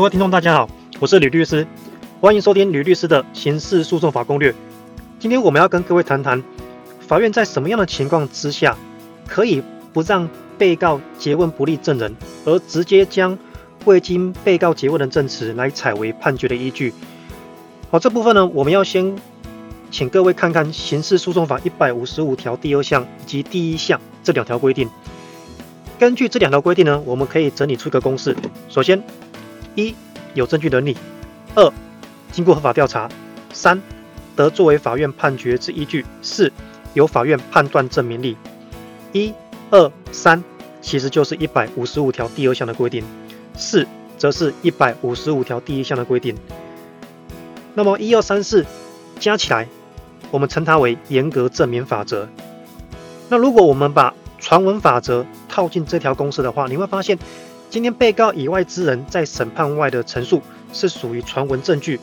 各位聽眾，大家好，我是呂律師，歡迎收聽呂律師的《刑事訴訟法攻略》。今天我們要跟各位談談，法院在什麼樣的情況之下，可以不讓被告詰問不利證人，而直接將未經被告詰問的證詞來採為判決的依據。好，這部分呢，我們要先請各位看看《刑事訴訟法》一百五十五條第二項以及第一項這兩條規定。根據這兩條規定呢，我們可以整理出一個公式。首先一有證據能力，二經過合法調查，三得作為法院判決之依據，四由法院判斷證明力。一、二、三其實就是一百五十五條第二項的規定，四則是一百五十五條第一項的規定。那麼一、二、三、四加起來，我們稱它為嚴格證明法則。那如果我們把傳聞法則套進這條公式的話，你會發現。今天被告以外之人在審判外的陳述是屬於傳聞證據，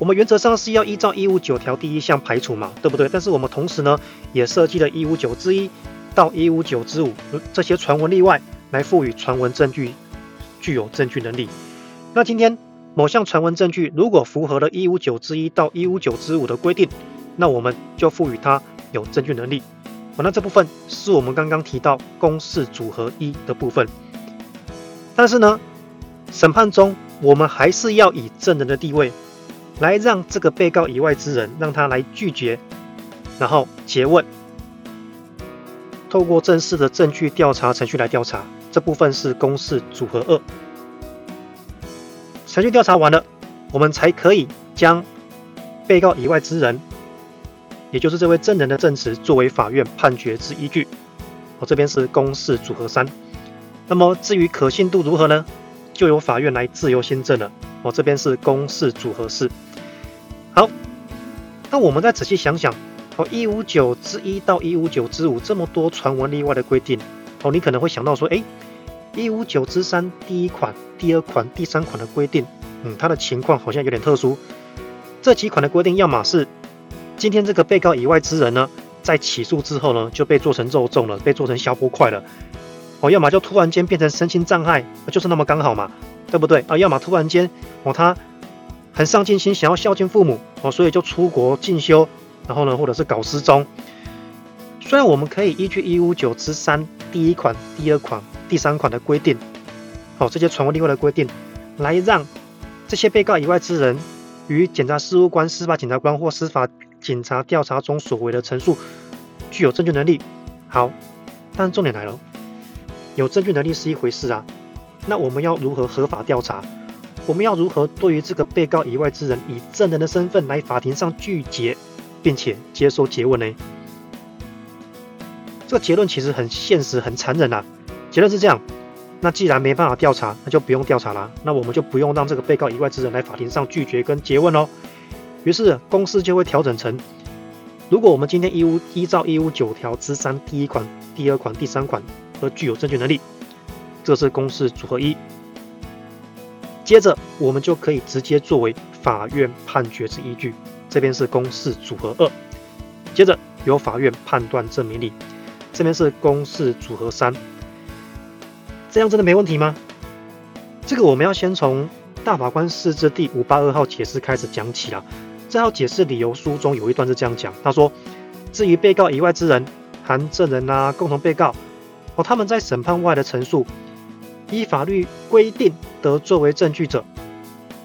我們原則上是要依照一五九條第一項排除嘛，對不對？但是我們同時呢也設計了一五九之一到一五九之五這些傳聞例外，來賦予傳聞證據具有證據能力。那今天某項傳聞證據如果符合了一五九之一到一五九之五的規定，那我們就賦予它有證據能力。那這部分是我們剛剛提到公式組合一的部分。但是呢，審判中我們還是要以證人的地位，來讓這個被告以外之人，讓他來拒絕，然後詰問，透過正式的證據調查程序來調查，這部分是公式組合二。程序調查完了，我們才可以將被告以外之人，也就是這位證人的證詞作為法院判決之依據。我這邊是公式組合三。那麼至於可信度如何呢？就由法院來自由心證了。哦，這邊是公式組合式。好，那我們再仔細想想。哦，一五九之一到一五九之五這麼多傳聞例外的規定。哦，你可能會想到說，哎，一五九之三第一款、第二款、第三款的規定，嗯，它的情況好像有點特殊。這幾款的規定，要麼是今天這個被告以外之人呢，在起訴之後呢，就被做成肉粽了，被做成消波塊了。哦，要麼就突然間變成身心障礙，就是那麼剛好嘛，對不對？啊，要麼突然間，哦，他很上進心，想要孝敬父母，哦，所以就出國進修，然後呢，或者是搞失蹤。雖然我們可以依據一五九之三第一款、第二款、第三款的規定，哦，這些傳聞例外的規定，來讓這些被告以外之人於檢察事務官、司法警察官或司法警察調查中所為的陳述具有證據能力。好，但重點來了。有證據能力是一回事啊，那我們要如何合法調查？我們要如何對於這個被告以外之人以證人的身份來法庭上拒絕，並且接受詰問呢？這個結論其實很現實，很殘忍吶、啊。結論是這樣：那既然沒辦法調查，那就不用調查啦。那我們就不用讓這個被告以外之人來法庭上拒絕跟詰問哦。於是公式就會調整成：如果我們今天依依依照159條之3第一款、第二款、第三款。而具有證據能力，這是公式組合一。接着，我們就可以直接作為法院判決之依據。這邊是公式組合二。接着由法院判斷證明力，這邊是公式組合三。這樣真的沒問題嗎？這個我們要先從大法官釋字第五八二號解釋開始講起啊。這號解釋理由書中有一段是這樣講，他說：“至於被告以外之人，含證人啊，共同被告。”哦，他們在審判外的陳述，依法律規定得作為證據者，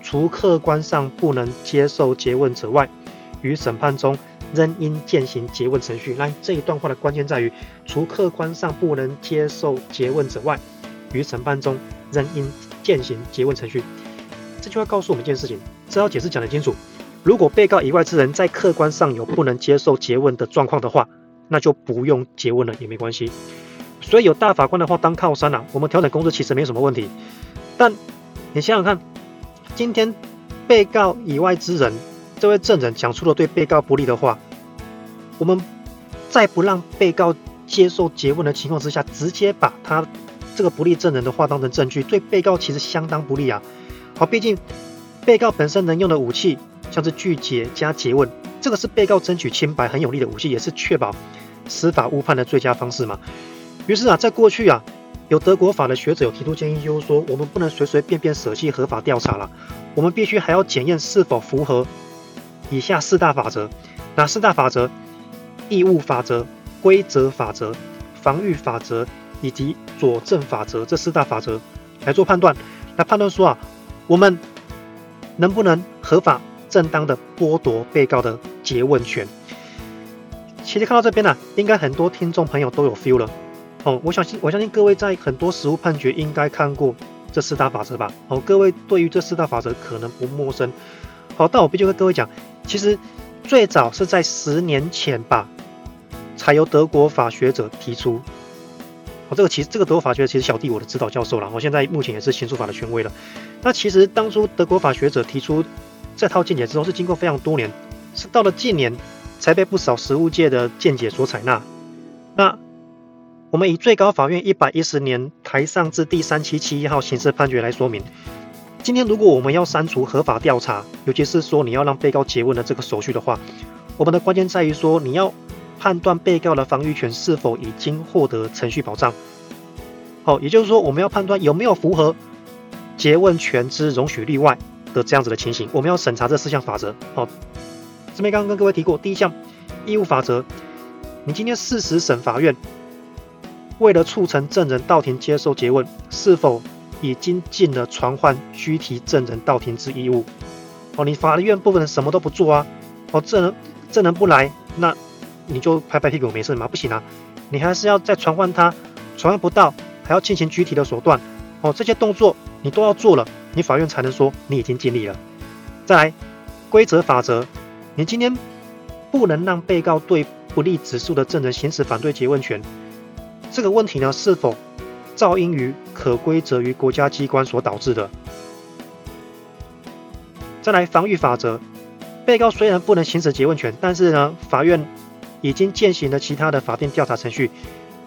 除客觀上不能接受詰問者外，於審判中仍應踐行詰問程序。那這一段話的關鍵在於：除客觀上不能接受詰問者外，於審判中仍應踐行詰問程序。這句話告訴我們一件事情：只要解釋講得清楚。如果被告以外之人在客觀上有不能接受詰問的狀況的話，那就不用詰問了，也沒關係。所以有大法官的話當靠山啊，我們調整工資其實沒有什麼問題。但你想想看，今天被告以外之人，這位證人講出了對被告不利的話，我們在不讓被告接受詰問的情況之下，直接把他這個不利證人的話當成證據，對被告其實相當不利啊。好，畢竟被告本身能用的武器，像是拒絕加詰問，這個是被告爭取清白很有力的武器，也是確保司法誤判的最佳方式嘛。於是啊，在過去啊，有德國法的學者有提出建議，就是說我們不能隨隨便便舍棄合法調查了，我們必須還要檢驗是否符合以下四大法則。哪四大法則？義務法則、規則法則、防禦法則以及佐證法則這四大法則來做判斷，來判斷說啊，我們能不能合法正當的剝奪被告的詰問權？其實看到這邊呢、啊，應該很多聽眾朋友都有 feel 了。哦，我相信我相信各位在很多實務判決應該看過這四大法則吧？哦，各位對於這四大法則可能不陌生。好，但我必須跟各位講，其實最早是在十年前吧，才由德國法學者提出。哦，這個其實這個德國法學者其實小弟我的指導教授啦。我現在目前也是刑訴法的權威了。那其實當初德國法學者提出這套見解之後，是經過非常多年，是到了近年才被不少實務界的見解所採納。那我們以最高法院一百一十年台上字第三七七一號刑事判決來說明。今天，如果我們要刪除合法調查，尤其是說你要讓被告詰問的這個手續的話，我們的關鍵在於說，你要判斷被告的防禦權是否已經獲得程序保障。好，也就是說，我們要判斷有沒有符合詰問權之容許例外的這樣子的情形。我們要審查這四項法則。好，這邊剛剛跟各位提過，第一項義務法則，你今天事實審法院，為了促成證人到庭接受詰問，是否已經盡了傳喚拘提證人到庭之義務？哦，你法院不能什麼都不做啊！哦，證人證人不來，那你就拍拍屁股沒事嗎？不行啊，你還是要再傳喚他，傳喚不到還要進行拘提的手段。哦，這些動作你都要做了，你法院才能說你已經盡力了。再來，規則法則，你今天不能讓被告對不利指數的證人行使反對詰問權。這個問題呢，是否噪音於可歸責於國家機關所導致的？再來防禦法則，被告雖然不能行使詰問權，但是呢，法院已經踐行了其他的法定調查程序，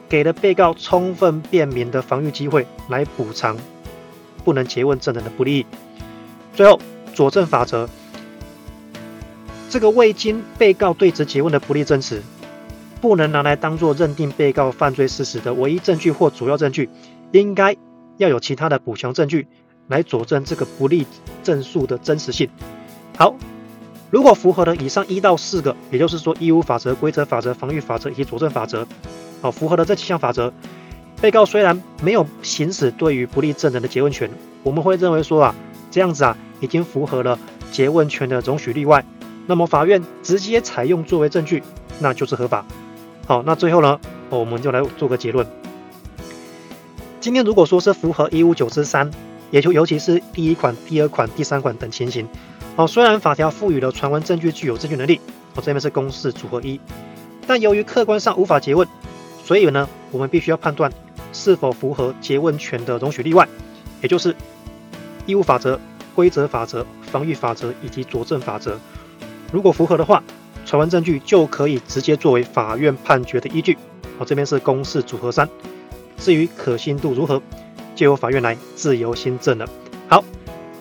給了被告充分辯明的防禦機會，來補償不能詰問證人的不利。最後佐證法則，這個未經被告對質詰問的不利證詞。不能拿來當做認定被告犯罪事實的唯一證據或主要證據，應該要有其他的補強證據來佐證這個不利證述的真實性。好，如果符合了以上一到四個，也就是說義務法則、歸責法則、防禦法則以及佐證法則，好，符合了這幾項法則，被告雖然沒有行使對於不利證人的詰問權，我們會認為說啊，這樣子啊已經符合了詰問權的容許例外，那麼法院直接採用作為證據，那就是合法。好，那最後呢、哦，我們就來做個結論。今天如果說是符合一五九之三，也就尤其是第一款、第二款、第三款等情形。好、哦，雖然法條賦予了傳聞證據具有證據能力，我、哦、這邊是公式組合一，但由於客觀上無法詰問，所以呢，我們必須要判斷是否符合詰問權的容許例外，也就是義務法則、歸責法則、防禦法則以及佐證法則。如果符合的話，傳聞證據就可以直接作為法院判決的依據。好，這邊是公式組合三。至於可信度如何，就由法院來自由心證了。好，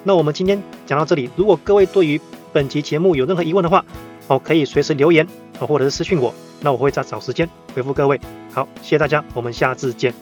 那我們今天講到這裡。如果各位對於本集節目有任何疑問的話，哦，可以隨時留言，或者是私信我，那我會再找時間回覆各位。好，謝謝大家，我們下次見。